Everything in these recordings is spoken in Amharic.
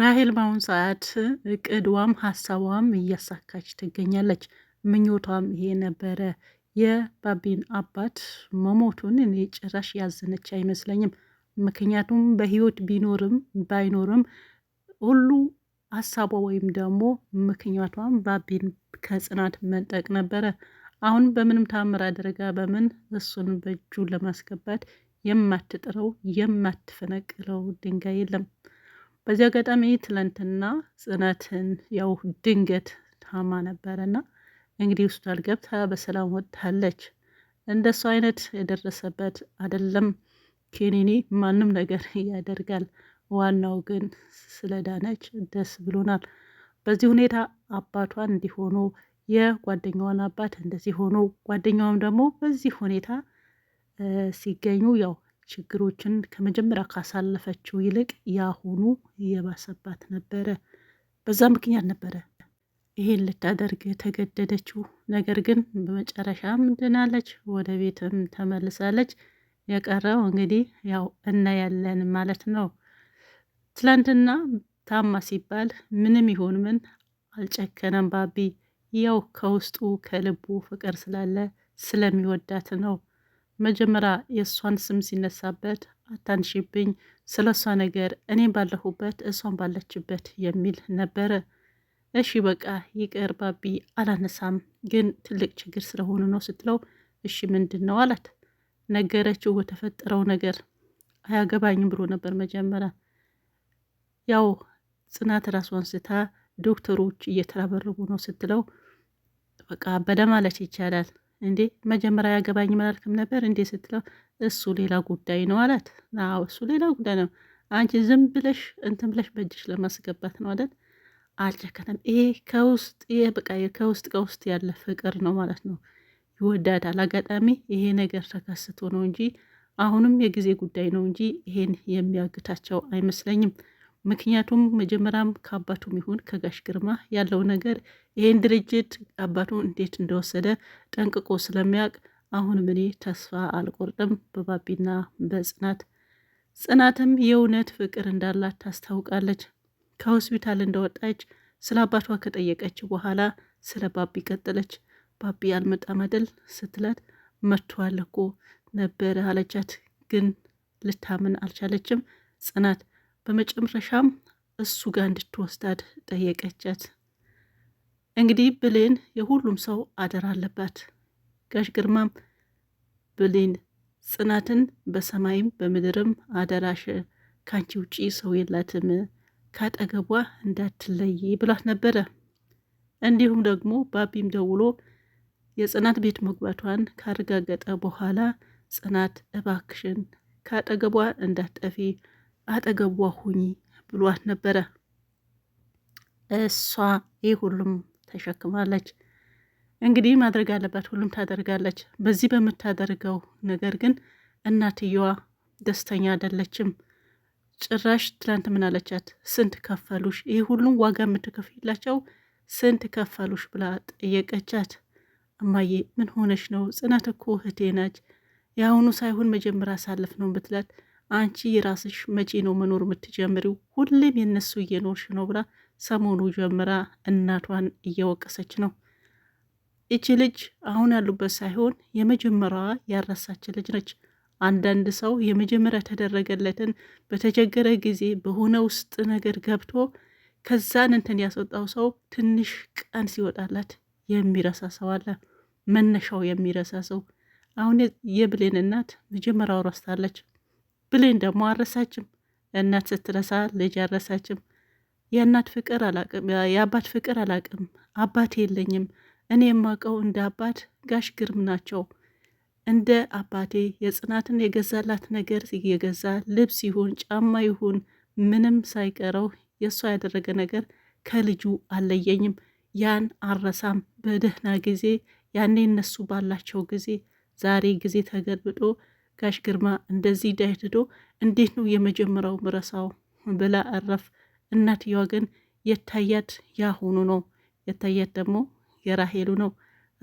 ራሄል በአሁኑ ሰዓት እቅድዋም ሀሳቧም እያሳካች ትገኛለች። ምኞቷም ይሄ ነበረ። የባቢን አባት መሞቱን እኔ ጭራሽ ያዘነች አይመስለኝም። ምክንያቱም በህይወት ቢኖርም ባይኖርም ሁሉ ሀሳቧ ወይም ደግሞ ምክንያቷም ባቢን ከጽናት መንጠቅ ነበረ። አሁን በምንም ታምር አድርጋ በምን እሱን በእጁ ለማስገባት የማትጥረው የማትፈነቅለው ድንጋይ የለም። በዚህ አጋጣሚ ትላንትና ጽናትን ያው ድንገት ታማ ነበረና እንግዲህ ሆስፒታል ገብታ በሰላም ወጥታለች። እንደሱ አይነት የደረሰበት አይደለም ኬኔኒ ማንም ነገር ያደርጋል። ዋናው ግን ስለዳነች ደስ ብሎናል። በዚህ ሁኔታ አባቷን እንዲሆኑ የጓደኛዋን አባት እንደዚህ ሆኖ ጓደኛዋም ደግሞ በዚህ ሁኔታ ሲገኙ ያው ችግሮችን ከመጀመሪያ ካሳለፈችው ይልቅ ያሁኑ እየባሰባት ነበረ። በዛ ምክንያት ነበረ ይሄን ልታደርግ የተገደደችው። ነገር ግን በመጨረሻም ድናለች፣ ወደ ቤትም ተመልሳለች። የቀረው እንግዲህ ያው እናያለን ማለት ነው። ትላንትና ታማ ሲባል ምንም ይሁን ምን አልጨከነም ባቢ። ያው ከውስጡ ከልቡ ፍቅር ስላለ ስለሚወዳት ነው። መጀመሪያ የእሷን ስም ሲነሳበት አታንሺብኝ፣ ስለ እሷ ነገር እኔ ባለሁበት እሷን ባለችበት የሚል ነበረ። እሺ በቃ ይቅር ባቢ፣ አላነሳም ግን ትልቅ ችግር ስለሆነ ነው ስትለው፣ እሺ ምንድን ነው አላት። ነገረችው በተፈጠረው ነገር። አያገባኝም ብሎ ነበር መጀመሪያ። ያው ጽናት ራሷን ስታ ዶክተሮች እየተራበረቡ ነው ስትለው፣ በቃ በደም አለች ይቻላል እንዴ መጀመሪያ ያገባኝ መላልክም ነበር እንዴ ስትለው እሱ ሌላ ጉዳይ ነው አላት። አዎ እሱ ሌላ ጉዳይ ነው። አንቺ ዝም ብለሽ እንትን ብለሽ በእጅሽ ለማስገባት ነው አይደል? አልጨከነም። ይሄ ከውስጥ ይሄ በቃ ከውስጥ ከውስጥ ያለ ፍቅር ነው ማለት ነው። ይወዳዳል። አጋጣሚ ይሄ ነገር ተከስቶ ነው እንጂ አሁንም የጊዜ ጉዳይ ነው እንጂ ይሄን የሚያግታቸው አይመስለኝም። ምክንያቱም መጀመሪያም ከአባቱም ይሁን ከጋሽ ግርማ ያለው ነገር ይህን ድርጅት አባቱ እንዴት እንደወሰደ ጠንቅቆ ስለሚያውቅ አሁንም እኔ ተስፋ አልቆርጥም በባቢና በጽናት ጽናትም የእውነት ፍቅር እንዳላት ታስታውቃለች። ከሆስፒታል እንደወጣች ስለ አባቷ ከጠየቀች በኋላ ስለ ባቢ ቀጠለች። ባቢ አልመጣም አይደል ስትላት መጥቷል እኮ ነበረ አለቻት። ግን ልታምን አልቻለችም ጽናት በመጨረሻም እሱ ጋር እንድትወስዳት ጠየቀቻት። እንግዲህ ብሌን የሁሉም ሰው አደራ አለባት። ጋሽ ግርማም ብሌን ጽናትን በሰማይም በምድርም አደራሽ ካንቺ ውጪ ሰው የላትም ካጠገቧ እንዳትለይ ብላት ነበረ። እንዲሁም ደግሞ ባቢም ደውሎ የጽናት ቤት መግባቷን ካረጋገጠ በኋላ ጽናት እባክሽን ካጠገቧ እንዳትጠፊ አጠገቧ ሁኚ ብሏት ነበረ። እሷ ይህ ሁሉም ተሸክማለች። እንግዲህ ማድረግ አለባት፣ ሁሉም ታደርጋለች። በዚህ በምታደርገው ነገር ግን እናትየዋ ደስተኛ አይደለችም። ጭራሽ ትላንት ምን አለቻት? ስንት ከፈሉሽ? ይህ ሁሉም ዋጋ የምትከፍላቸው ስንት ከፈሉሽ ብላ ጠየቀቻት። እማዬ ምን ሆነሽ ነው? ጽናት እኮ እህቴ ናች። የአሁኑ ሳይሆን መጀመር አሳለፍ ነው ብትላት አንቺ የራስሽ መቼ ነው መኖር የምትጀምሪው? ሁሌም የነሱ እየኖርሽ ነው ብላ ሰሞኑ ጀምራ እናቷን እየወቀሰች ነው። ይቺ ልጅ አሁን ያሉበት ሳይሆን የመጀመሪያዋ ያረሳች ልጅ ነች። አንዳንድ ሰው የመጀመሪያ ተደረገለትን በተቸገረ ጊዜ በሆነ ውስጥ ነገር ገብቶ ከዛን እንትን ያስወጣው ሰው ትንሽ ቀን ሲወጣላት የሚረሳ ሰው አለ። መነሻው የሚረሳ ሰው አሁን የብሌን እናት መጀመሪያው ረስታለች። ብሌን ደግሞ አረሳችም። እናት ስትረሳ ልጅ አረሳችም። የእናት ፍቅር አላቅም፣ የአባት ፍቅር አላቅም። አባት የለኝም። እኔ የማውቀው እንደ አባት ጋሽ ግርም ናቸው። እንደ አባቴ የጽናትን የገዛላት ነገር የገዛ ልብስ ይሁን ጫማ ይሁን ምንም ሳይቀረው የእሷ ያደረገ ነገር ከልጁ አለየኝም። ያን አረሳም። በደህና ጊዜ ያኔ እነሱ ባላቸው ጊዜ ዛሬ ጊዜ ተገልብጦ ጋሽ ግርማ እንደዚህ ዳይድዶ እንዴት ነው የመጀመሪያው ምረሳው ብላ አረፍ። እናትየዋ ግን የታያት ያሁኑ ነው። የታያት ደግሞ የራሄሉ ነው።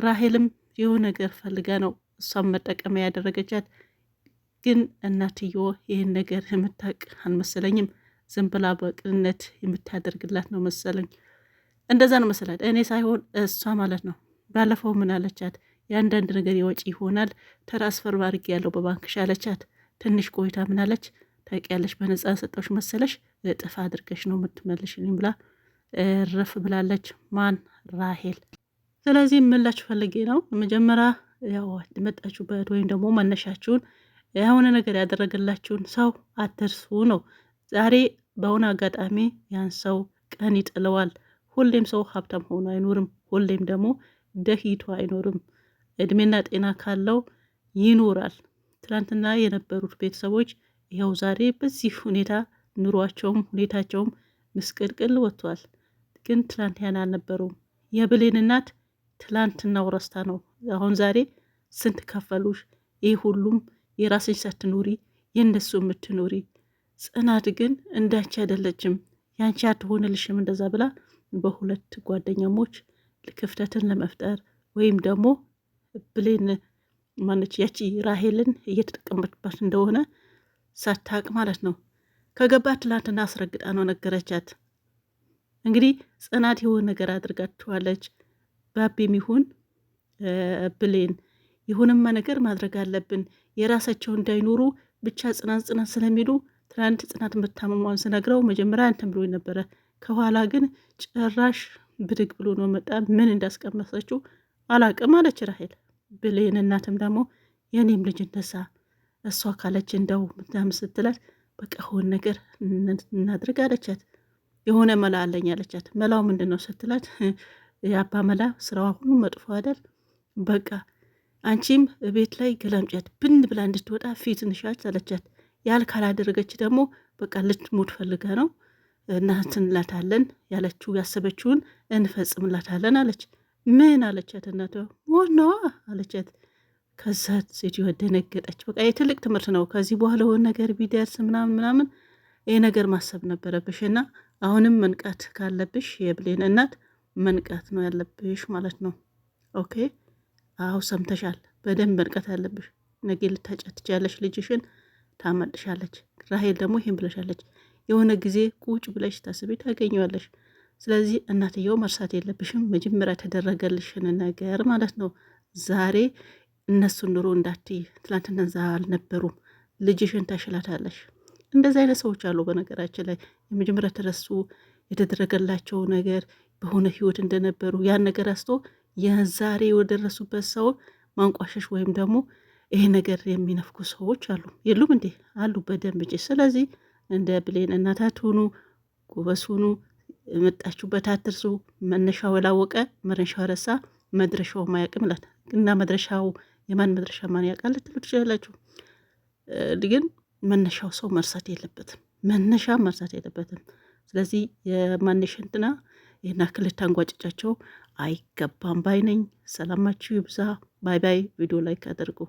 ራሄልም የሆነ ነገር ፈልጋ ነው እሷም መጠቀሚያ ያደረገቻት። ግን እናትየዋ ይህን ነገር የምታውቅ አልመሰለኝም። ዝም ብላ በቅንነት የምታደርግላት ነው መሰለኝ። እንደዛ ነው መሰላት። እኔ ሳይሆን እሷ ማለት ነው። ባለፈው ምን አለቻት? የአንዳንድ ነገር የወጪ ይሆናል ተራስፈር ባርግ ያለው በባንክሽ አለቻት። ትንሽ ቆይታ ምናለች ታውቂያለሽ፣ በነጻ ሰጠሁሽ መሰለሽ እጥፍ አድርገሽ ነው የምትመልሽልኝ ብላ እረፍ ብላለች። ማን ራሄል። ስለዚህ የምላችሁ ፈልጌ ነው መጀመሪያ ያው መጣችሁበት ወይም ደግሞ መነሻችሁን የሆነ ነገር ያደረገላችሁን ሰው አትርሱ ነው። ዛሬ በሆነ አጋጣሚ ያን ሰው ቀን ይጥለዋል። ሁሌም ሰው ሀብታም ሆኖ አይኖርም። ሁሌም ደግሞ ደሂቶ አይኖርም። እድሜና ጤና ካለው ይኖራል። ትላንትና የነበሩት ቤተሰቦች ይኸው ዛሬ በዚህ ሁኔታ ኑሯቸውም ሁኔታቸውም ምስቅልቅል ወጥቷል። ግን ትላንት ያን አልነበሩም። የብሌን እናት ትላንትናው ረስታ ነው አሁን ዛሬ ስንት ከፈሉሽ? ይህ ሁሉም የራስሽ ሳትኖሪ የእነሱ የምትኖሪ ጽናት ግን እንዳንቺ አይደለችም፣ ያንቺ አትሆንልሽም እንደዛ ብላ በሁለት ጓደኛሞች ክፍተትን ለመፍጠር ወይም ደግሞ ብሌን ማነች ያቺ ራሄልን እየተጠቀመችባት እንደሆነ ሳታቅ ማለት ነው። ከገባ ትላንትና አስረግጣ ነው ነገረቻት። እንግዲህ ጽናት የሆነ ነገር አድርጋችኋለች። ባቤም ይሁን ብሌን የሆነማ ነገር ማድረግ አለብን። የራሳቸው እንዳይኖሩ ብቻ ጽናት ጽናት ስለሚሉ ትናንት ጽናት መታመሟን ስነግረው መጀመሪያ እንትን ብሎ ነበረ። ከኋላ ግን ጭራሽ ብድግ ብሎ ነው መጣ። ምን እንዳስቀመሰችው አላቅም አለች ራሄል። ብሌን እናትም ደግሞ የኔም ልጅ እንደዛ እሷ ካለች እንደው ምናምን ስትላት በቃ ሆን ነገር እናድርግ አለቻት። የሆነ መላ አለኝ አለቻት። መላው ምንድን ነው ስትላት የአባ መላ ስራዋ ሁሉ መጥፎ አይደል? በቃ አንቺም ቤት ላይ ገላምጫት ብን ብላ እንድትወጣ ፊት ንሻች አለቻት። ያል ካላደረገች ደግሞ በቃ ልትሞት ፈልጋ ነው እናትንላታለን ያለችው ያሰበችውን እንፈጽምላታለን አለች። ምን አለቻት እናቷ። ዋናዋ አለቻት። ከዛ ሴትዮ ደነገጠች። በቃ የትልቅ ትምህርት ነው። ከዚህ በኋላ ሆን ነገር ቢደርስ ምናምን ምናምን ይህ ነገር ማሰብ ነበረብሽ እና አሁንም መንቃት ካለብሽ የብሌን እናት መንቃት ነው ያለብሽ ማለት ነው። ኦኬ አሁ ሰምተሻል። በደንብ መንቃት ያለብሽ ነገ ልታጫት ትችያለሽ። ልጅሽን ታመልጥሻለች። ራሄል ደግሞ ይህን ብለሻለች። የሆነ ጊዜ ቁጭ ብለሽ ታስቤ ታገኘዋለሽ። ስለዚህ እናትየው መርሳት የለብሽም መጀመሪያ የተደረገልሽን ነገር ማለት ነው። ዛሬ እነሱን ኑሮ እንዳትይ፣ ትላንትና እዛ አልነበሩም። ልጅሽን ታሽላታለሽ። እንደዚህ አይነት ሰዎች አሉ። በነገራችን ላይ የመጀመሪያ ተረሱ የተደረገላቸው ነገር በሆነ ህይወት እንደነበሩ ያን ነገር አስቶ የዛሬ የደረሱበት ሰው ማንቋሸሽ ወይም ደግሞ ይሄ ነገር የሚነፍኩ ሰዎች አሉ። የሉም እንዴ? አሉ በደንብ እንጂ። ስለዚህ እንደ ብሌን እናታት ሁኑ፣ ጎበስ ሁኑ። መጣችሁበት አትርሱ። መነሻው ያላወቀ መነሻው ረሳ መድረሻው ማያውቅም ይላል እና መድረሻው የማን መድረሻ ማን ያውቃል ልትሉ ትችላላችሁ። ግን መነሻው ሰው መርሳት የለበትም መነሻ መርሳት የለበትም። ስለዚህ የማንሽንትና ይህን አክል ታንጓጭጫቸው አይገባም ባይነኝ ሰላማችሁ ይብዛ። ባይ ባይ። ቪዲዮ ላይክ አድርጉ።